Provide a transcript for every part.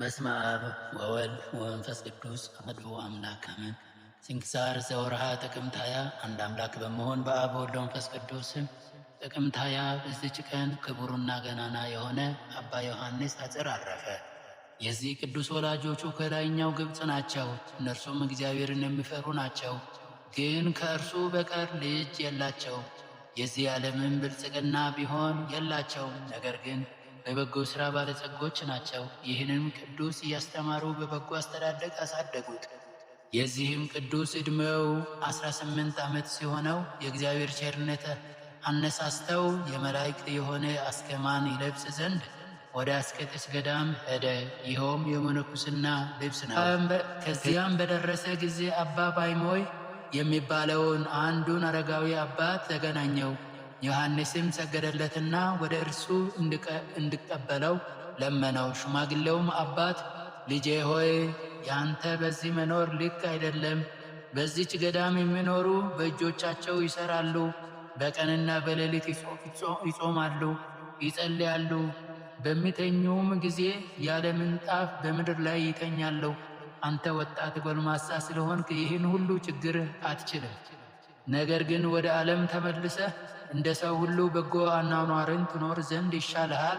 በስመ አብ ወወልድ ወመንፈስ ቅዱስ አሐዱ አምላክ አሜን። ስንክሳር ዘወርሃ ጥቅምት ሃያ አንድ አምላክ በመሆን በአብ ወልድ መንፈስ ቅዱስ ጥቅምት ሃያ በዚች ቀን ክቡርና ገናና የሆነ አባ ዮሐንስ ሐጽር አረፈ። የዚህ ቅዱስ ወላጆቹ ከላይኛው ግብፅ ናቸው። እነርሱም እግዚአብሔርን የሚፈሩ ናቸው፣ ግን ከእርሱ በቀር ልጅ የላቸው። የዚህ ዓለምን ብልጽግና ቢሆን የላቸውም። ነገር ግን በበጎ ሥራ ባለጸጎች ናቸው። ይህንም ቅዱስ እያስተማሩ በበጎ አስተዳደግ አሳደጉት። የዚህም ቅዱስ ዕድሜው 18 ዓመት ሲሆነው የእግዚአብሔር ቸርነት አነሳስተው የመላእክት የሆነ አስከማን ይለብስ ዘንድ ወደ አስቄጥስ ገዳም ሄደ። ይኸውም የመነኩስና ልብስ ነው። ከዚያም በደረሰ ጊዜ አባ ባይሞይ የሚባለውን አንዱን አረጋዊ አባት ተገናኘው። ዮሐንስም ሰገደለትና ወደ እርሱ እንዲቀበለው ለመነው። ሽማግሌውም አባት ልጄ ሆይ ያንተ በዚህ መኖር ልክ አይደለም። በዚች ገዳም የሚኖሩ በእጆቻቸው ይሰራሉ፣ በቀንና በሌሊት ይጾማሉ፣ ይጸልያሉ። በሚተኙም ጊዜ ያለ ምንጣፍ በምድር ላይ ይተኛሉ። አንተ ወጣት ጎልማሳ ስለሆንክ ይህን ሁሉ ችግር አትችልም። ነገር ግን ወደ ዓለም ተመልሰህ እንደ ሰው ሁሉ በጎ አኗኗርን ትኖር ዘንድ ይሻልሃል፣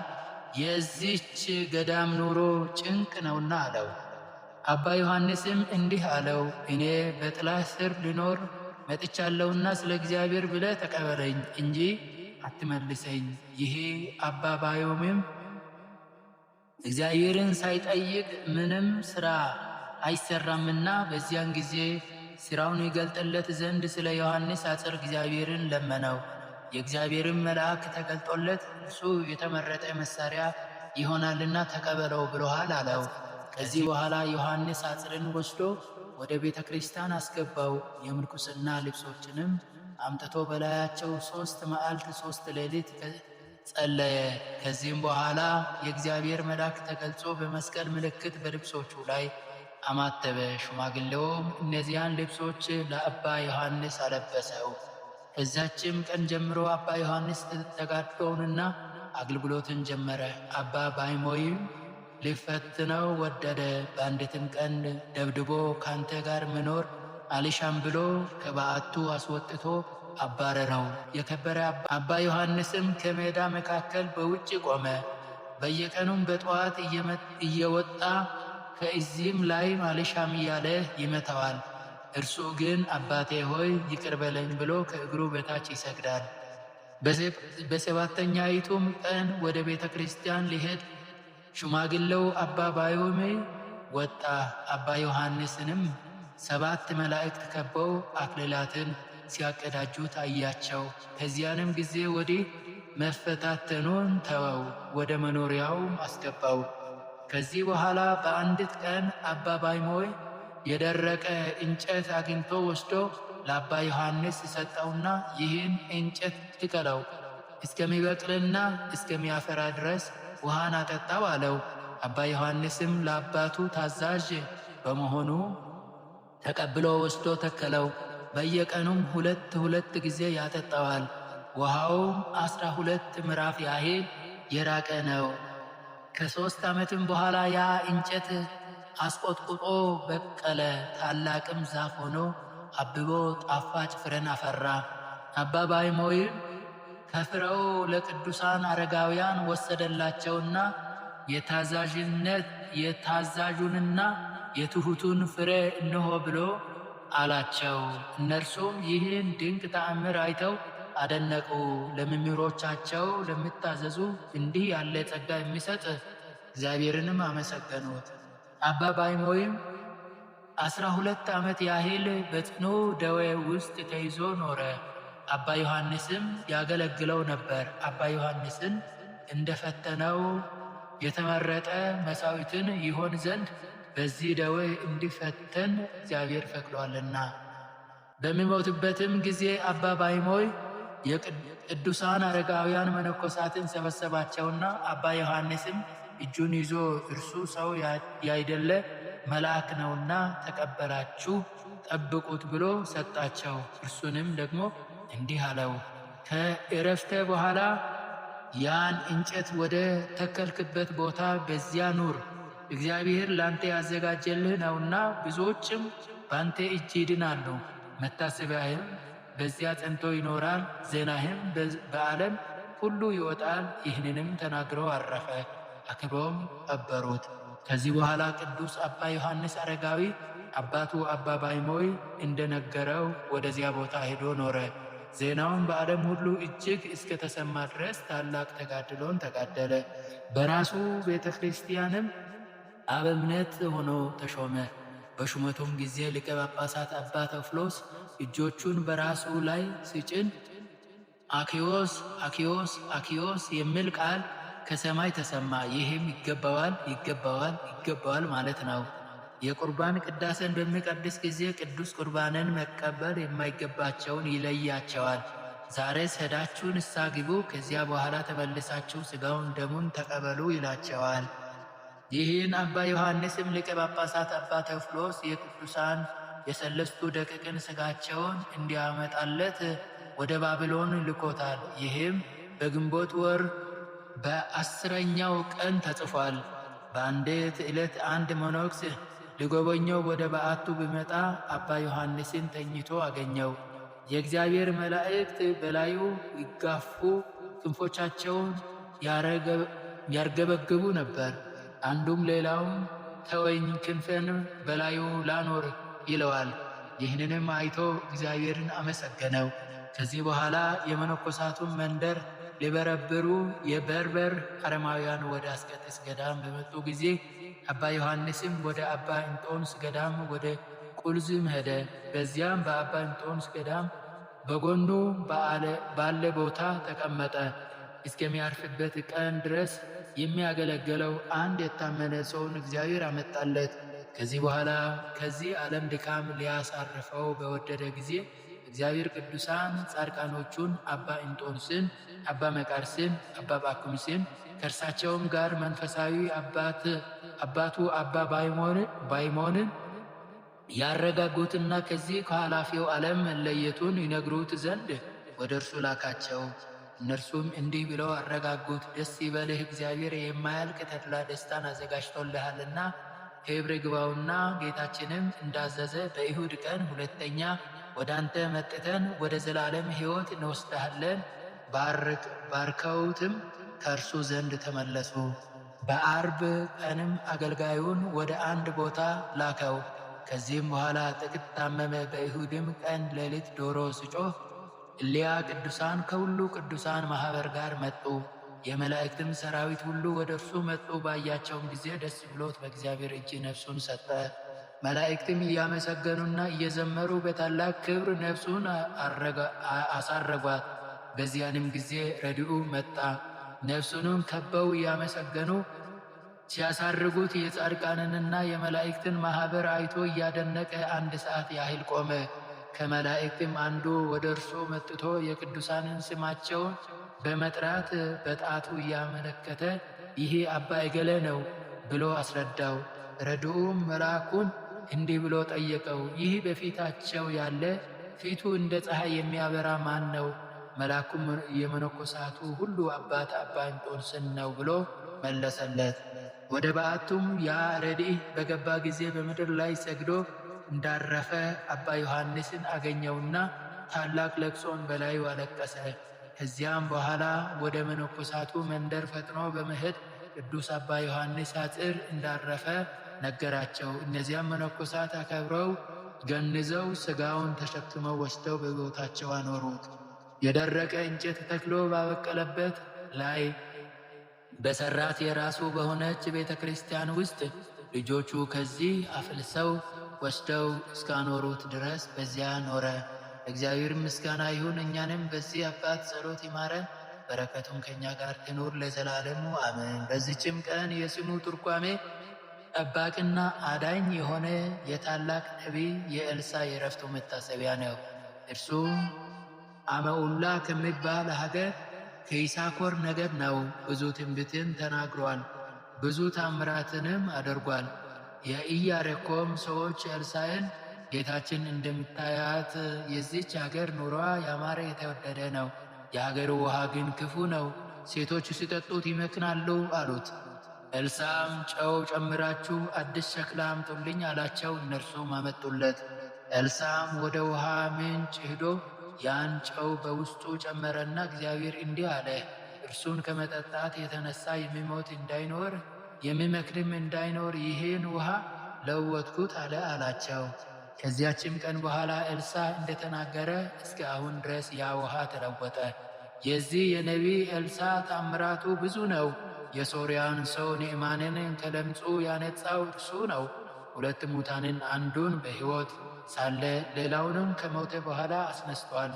የዚህች ገዳም ኑሮ ጭንቅ ነውና አለው። አባ ዮሐንስም እንዲህ አለው፣ እኔ በጥላ ስር ልኖር መጥቻለሁና ስለ እግዚአብሔር ብለህ ተቀበለኝ እንጂ አትመልሰኝ። ይሄ አባ ባዮምም እግዚአብሔርን ሳይጠይቅ ምንም ሥራ አይሰራምና በዚያን ጊዜ ሥራውን ይገልጥለት ዘንድ ስለ ዮሐንስ አጽር እግዚአብሔርን ለመነው። የእግዚአብሔርን መልአክ ተገልጦለት እርሱ የተመረጠ መሳሪያ ይሆናልና ተቀበለው ብሎሃል አለው። ከዚህ በኋላ ዮሐንስ አጽርን ወስዶ ወደ ቤተ ክርስቲያን አስገባው። የምንኩስና ልብሶችንም አምጥቶ በላያቸው ሦስት መዓልት ሦስት ሌሊት ጸለየ። ከዚህም በኋላ የእግዚአብሔር መልአክ ተገልጾ በመስቀል ምልክት በልብሶቹ ላይ አማተበ። ሽማግሌውም እነዚያን ልብሶች ለአባ ዮሐንስ አለበሰው። በዛችም ቀን ጀምሮ አባ ዮሐንስ ተጋድሎውንና አገልግሎትን ጀመረ። አባ ባይሞይም ሊፈትነው ወደደ። በአንዲትም ቀን ደብድቦ ካንተ ጋር መኖር አልሻም ብሎ ከበዓቱ አስወጥቶ አባረረው። የከበረ አባ ዮሐንስም ከሜዳ መካከል በውጭ ቆመ። በየቀኑም በጠዋት እየወጣ ከእዚህም ላይ አልሻም እያለ ይመታዋል። እርሱ ግን አባቴ ሆይ ይቅር በለኝ ብሎ ከእግሩ በታች ይሰግዳል። በሰባተኛይቱም ቀን ወደ ቤተ ክርስቲያን ሊሄድ ሽማግሌው አባ ባዮሜ ወጣ። አባ ዮሐንስንም ሰባት መላእክት ከበው አክልላትን ሲያቀዳጁ ታያቸው። ከዚያንም ጊዜ ወዲህ መፈታተኑን ተወው፣ ወደ መኖሪያውም አስገባው። ከዚህ በኋላ በአንዲት ቀን አባ ባይሞይ የደረቀ እንጨት አግኝቶ ወስዶ ለአባ ዮሐንስ ሰጠውና ይህን እንጨት ትቀለው እስከሚበቅልና እስከሚያፈራ ድረስ ውሃን አጠጣው አለው። አባ ዮሐንስም ለአባቱ ታዛዥ በመሆኑ ተቀብሎ ወስዶ ተከለው። በየቀኑም ሁለት ሁለት ጊዜ ያጠጣዋል። ውሃውም አስራ ሁለት ምዕራፍ ያህል የራቀ ነው። ከሦስት ዓመትም በኋላ ያ እንጨት አስቆጥቁጦ በቀለ። ታላቅም ዛፍ ሆኖ አብቦ ጣፋጭ ፍሬን አፈራ። አባ ባይሞይም ከፍረው ለቅዱሳን አረጋውያን ወሰደላቸውና የታዛዥነት የታዛዡንና የትሑቱን ፍሬ እንሆ ብሎ አላቸው። እነርሱም ይህን ድንቅ ተአምር አይተው አደነቁ። ለመምህሮቻቸው ለምታዘዙ እንዲህ ያለ ጸጋ የሚሰጥ እግዚአብሔርንም አመሰገኑት። አባባይም ወይም አስራ ሁለት ዓመት ያህል በጽኑ ደዌ ውስጥ ተይዞ ኖረ። አባ ዮሐንስም ያገለግለው ነበር። አባ ዮሐንስን እንደፈተነው የተመረጠ መሳዊትን ይሆን ዘንድ በዚህ ደዌ እንዲፈተን እግዚአብሔር ፈቅዷልና። በሚሞትበትም ጊዜ አባ ባይሞይ የቅዱሳን አረጋውያን መነኮሳትን ሰበሰባቸውና አባ ዮሐንስም እጁን ይዞ እርሱ ሰው ያይደለ መልአክ ነውና ተቀበላችሁ፣ ጠብቁት ብሎ ሰጣቸው። እርሱንም ደግሞ እንዲህ አለው፣ ከእረፍተ በኋላ ያን እንጨት ወደ ተከልክበት ቦታ በዚያ ኑር፣ እግዚአብሔር ላንተ ያዘጋጀልህ ነውና፣ ብዙዎችም ባንተ እጅ ይድናሉ። መታሰቢያህም በዚያ ጸንቶ ይኖራል፣ ዜናህም በዓለም ሁሉ ይወጣል። ይህንንም ተናግሮ አረፈ። አክብረውም ቀበሩት። ከዚህ በኋላ ቅዱስ አባ ዮሐንስ አረጋዊ አባቱ አባ ባይሞይ እንደነገረው ወደዚያ ቦታ ሄዶ ኖረ። ዜናውን በዓለም ሁሉ እጅግ እስከተሰማ ድረስ ታላቅ ተጋድሎን ተጋደለ። በራሱ ቤተ ክርስቲያንም አበ ምኔት ሆኖ ተሾመ። በሹመቱም ጊዜ ሊቀ ጳጳሳት አባ ተፍሎስ እጆቹን በራሱ ላይ ሲጭን አኪዮስ አኪዮስ አኪዮስ የሚል ቃል ከሰማይ ተሰማ። ይህም ይገባዋል ይገባዋል ይገባዋል ማለት ነው። የቁርባን ቅዳሴን በሚቀድስ ጊዜ ቅዱስ ቁርባንን መቀበል የማይገባቸውን ይለያቸዋል። ዛሬ ሰዳችሁን ንስሐ ግቡ፣ ከዚያ በኋላ ተመልሳችሁ ሥጋውን ደሙን ተቀበሉ ይላቸዋል። ይህን አባ ዮሐንስም ሊቀ ጳጳሳት አባ ተፍሎስ የቅዱሳን የሰለስቱ ደቂቅን ሥጋቸውን እንዲያመጣለት ወደ ባቢሎን ልኮታል። ይህም በግንቦት ወር በአስረኛው ቀን ተጽፏል። በአንዲት ዕለት አንድ መነኩሴ ሊጎበኘው ወደ በዓቱ ቢመጣ አባ ዮሐንስን ተኝቶ አገኘው። የእግዚአብሔር መላእክት በላዩ ይጋፉ፣ ክንፎቻቸውን ያርገበግቡ ነበር። አንዱም ሌላውም ተወኝ፣ ክንፍን በላዩ ላኖር ይለዋል። ይህንንም አይቶ እግዚአብሔርን አመሰገነው። ከዚህ በኋላ የመነኮሳቱን መንደር ሊበረብሩ የበርበር አረማውያን ወደ አስቄጥስ ገዳም በመጡ ጊዜ አባ ዮሐንስም ወደ አባ እንጦንስ ገዳም ወደ ቁልዝም ሄደ። በዚያም በአባ እንጦንስ ገዳም በጎኑ ባለ ቦታ ተቀመጠ። እስከሚያርፍበት ቀን ድረስ የሚያገለግለው አንድ የታመነ ሰውን እግዚአብሔር አመጣለት። ከዚህ በኋላ ከዚህ ዓለም ድካም ሊያሳርፈው በወደደ ጊዜ እግዚአብሔር ቅዱሳን ጻድቃኖቹን አባ ኢንጦርስን፣ አባ መቃርስን፣ አባ ጳኩሚስን ከእርሳቸውም ጋር መንፈሳዊ አባቱ አባ ባይሞንን ያረጋጉትና ከዚህ ከኃላፊው ዓለም መለየቱን ይነግሩት ዘንድ ወደ እርሱ ላካቸው። እነርሱም እንዲህ ብለው አረጋጉት። ደስ ይበልህ፣ እግዚአብሔር የማያልቅ ተድላ ደስታን አዘጋጅቶልሃልና ክብር ግባውና ጌታችንም እንዳዘዘ በይሁድ ቀን ሁለተኛ ወደ አንተ መጥተን ወደ ዘላለም ሕይወት እንወስድሃለን። ባርከውትም ከእርሱ ዘንድ ተመለሱ። በአርብ ቀንም አገልጋዩን ወደ አንድ ቦታ ላከው። ከዚህም በኋላ ጥቂት ታመመ። በይሁድም ቀን ሌሊት ዶሮ ስጮህ እሊያ ቅዱሳን ከሁሉ ቅዱሳን ማኅበር ጋር መጡ። የመላእክትም ሰራዊት ሁሉ ወደ እርሱ መጡ። ባያቸውም ጊዜ ደስ ብሎት በእግዚአብሔር እጅ ነፍሱን ሰጠ። መላእክትም እያመሰገኑና እየዘመሩ በታላቅ ክብር ነፍሱን አሳረጓት። በዚያንም ጊዜ ረድኡ መጣ። ነፍሱንም ከበው እያመሰገኑ ሲያሳርጉት የጻድቃንንና የመላእክትን ማኅበር አይቶ እያደነቀ አንድ ሰዓት ያህል ቆመ። ከመላእክትም አንዱ ወደ እርሱ መጥቶ የቅዱሳንን ስማቸውን በመጥራት በጣቱ እያመለከተ ይሄ አባ እገሌ ነው ብሎ አስረዳው። ረድኡም መልአኩን እንዲህ ብሎ ጠየቀው፣ ይህ በፊታቸው ያለ ፊቱ እንደ ፀሐይ የሚያበራ ማን ነው? መልአኩም የመነኮሳቱ ሁሉ አባት አባ እንጦንስን ነው ብሎ መለሰለት። ወደ በዓቱም ያ ረድእ በገባ ጊዜ በምድር ላይ ሰግዶ እንዳረፈ አባ ዮሐንስን አገኘውና ታላቅ ለቅሶን በላዩ አለቀሰ። ከዚያም በኋላ ወደ መነኮሳቱ መንደር ፈጥኖ በመሄድ ቅዱስ አባ ዮሐንስ አጽር እንዳረፈ ነገራቸው። እነዚያም መነኮሳት አከብረው ገንዘው ሥጋውን ተሸክመው ወስደው በሕይወታቸው አኖሩት። የደረቀ እንጨት ተክሎ ባበቀለበት ላይ በሠራት የራሱ በሆነች ቤተ ክርስቲያን ውስጥ ልጆቹ ከዚህ አፍልሰው ወስደው እስካኖሩት ድረስ በዚያ ኖረ። እግዚአብሔር ምስጋና ይሁን። እኛንም በዚህ አባት ጸሎት ይማረን፣ በረከቱም ከእኛ ጋር ትኑር ለዘላለሙ አምን! በዚችም ቀን የስሙ ትርጓሜ ጠባቂና አዳኝ የሆነ የታላቅ ነቢይ የእልሳ የእረፍቱ መታሰቢያ ነው። እርሱ አመኡላ ከሚባል ሀገር ከይሳኮር ነገድ ነው። ብዙ ትንቢትን ተናግሯል፣ ብዙ ታምራትንም አድርጓል። የኢያሪኮም ሰዎች ኤልሳዕን ጌታችን እንደምታያት የዚች ሀገር ኑሯ ያማረ የተወደደ ነው፣ የሀገሩ ውሃ ግን ክፉ ነው፣ ሴቶች ሲጠጡት ይመክናሉ አሉት። ኤልሳም ጨው ጨምራችሁ አዲስ ሸክላ አምጡልኝ አላቸው። እነርሱም አመጡለት። ኤልሳም ወደ ውሃ ምንጭ ሂዶ ያን ጨው በውስጡ ጨመረና እግዚአብሔር እንዲህ አለ፣ እርሱን ከመጠጣት የተነሳ የሚሞት እንዳይኖር የሚመክድም እንዳይኖር ይህን ውሃ ለወጥኩት አለ አላቸው። ከዚያችም ቀን በኋላ ኤልሳ እንደተናገረ እስከ አሁን ድረስ ያ ውሃ ተለወጠ። የዚህ የነቢይ ኤልሳ ታምራቱ ብዙ ነው። የሶርያን ሰው ንዕማንን ከለምጹ ያነጻው እርሱ ነው። ሁለት ሙታንን አንዱን በሕይወት ሳለ ሌላውንም ከሞተ በኋላ አስነስቷል።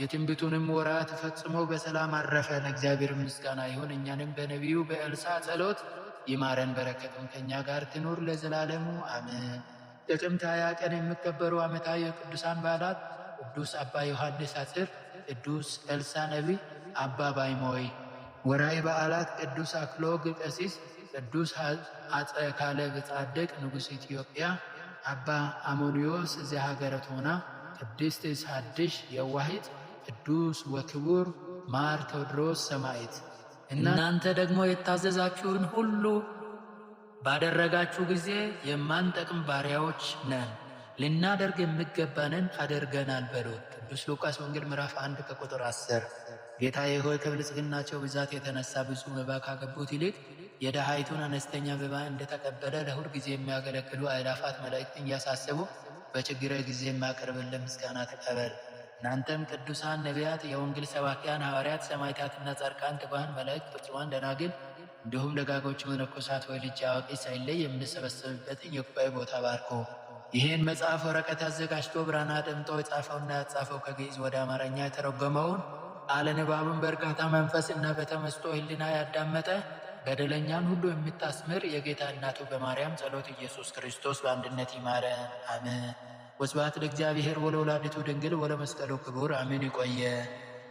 የትንቢቱንም ወራት ፈጽሞ በሰላም አረፈ። ለእግዚአብሔር ምስጋና ይሁን። እኛንም በነቢዩ በእልሳ ጸሎት ይማረን፣ በረከቱን ከእኛ ጋር ትኑር ለዘላለሙ አሜን። ጥቅምት ሃያ ቀን የሚከበሩ ዓመታዊ የቅዱሳን በዓላት፦ ቅዱስ አባ ዮሐንስ አጽር፣ ቅዱስ እልሳ ነቢይ፣ አባ ባይሞይ ወራይ በዓላት ቅዱስ አክሎግ ቀሲስ፣ ቅዱስ አፄ ካለብ ጻድቅ ንጉሥ ኢትዮጵያ፣ አባ አሞኒዮስ ዘሀገረ ቶና፣ ቅድስት ሳድሽ የዋሂት፣ ቅዱስ ወክቡር ማር ቴዎድሮስ ሰማይት እናንተ ደግሞ የታዘዛችሁን ሁሉ ባደረጋችሁ ጊዜ የማንጠቅም ባሪያዎች ነን፣ ልናደርግ የሚገባንን አደርገናል በሉት። ቅዱስ ሉቃስ ወንጌል ምዕራፍ አንድ ከቁጥር አስር ጌታዬ ሆይ ከብልጽግናቸው ብዛት የተነሳ ብዙ መባ ካገቡት ይልቅ የደሃይቱን አነስተኛ መባ እንደተቀበለ ለሁል ጊዜ የሚያገለግሉ አእላፋት መላእክትን እያሳሰቡ በችግር ጊዜ የማቀርብልን ምስጋና ተቀበል። እናንተም ቅዱሳን ነቢያት፣ የወንጌል ሰባኪያን ሐዋርያት፣ ሰማዕታትና ጻድቃን፣ ትጉሃን መላእክት፣ ፍጹማን ደናግል እንዲሁም ደጋጎች መነኮሳት ወይ ልጅ አዋቂ ሳይለይ የምንሰበሰብበትን የጉባኤ ቦታ ባርኮ ይህን መጽሐፍ ወረቀት አዘጋጅቶ ብራና ደምጦ የጻፈውና ያጻፈው ከግዕዝ ወደ አማርኛ የተረጎመውን አለንባብን በእርጋታ መንፈስ እና በተመስጦ ህልና ያዳመጠ በደለኛን ሁሉ የምታስምር የጌታ እናቱ በማርያም ጸሎት ኢየሱስ ክርስቶስ በአንድነት ይማረ አምን። ወስብሐት ለእግዚአብሔር ወለወላዲቱ ድንግል ወለመስቀሉ ክቡር፣ አሜን። ይቆየ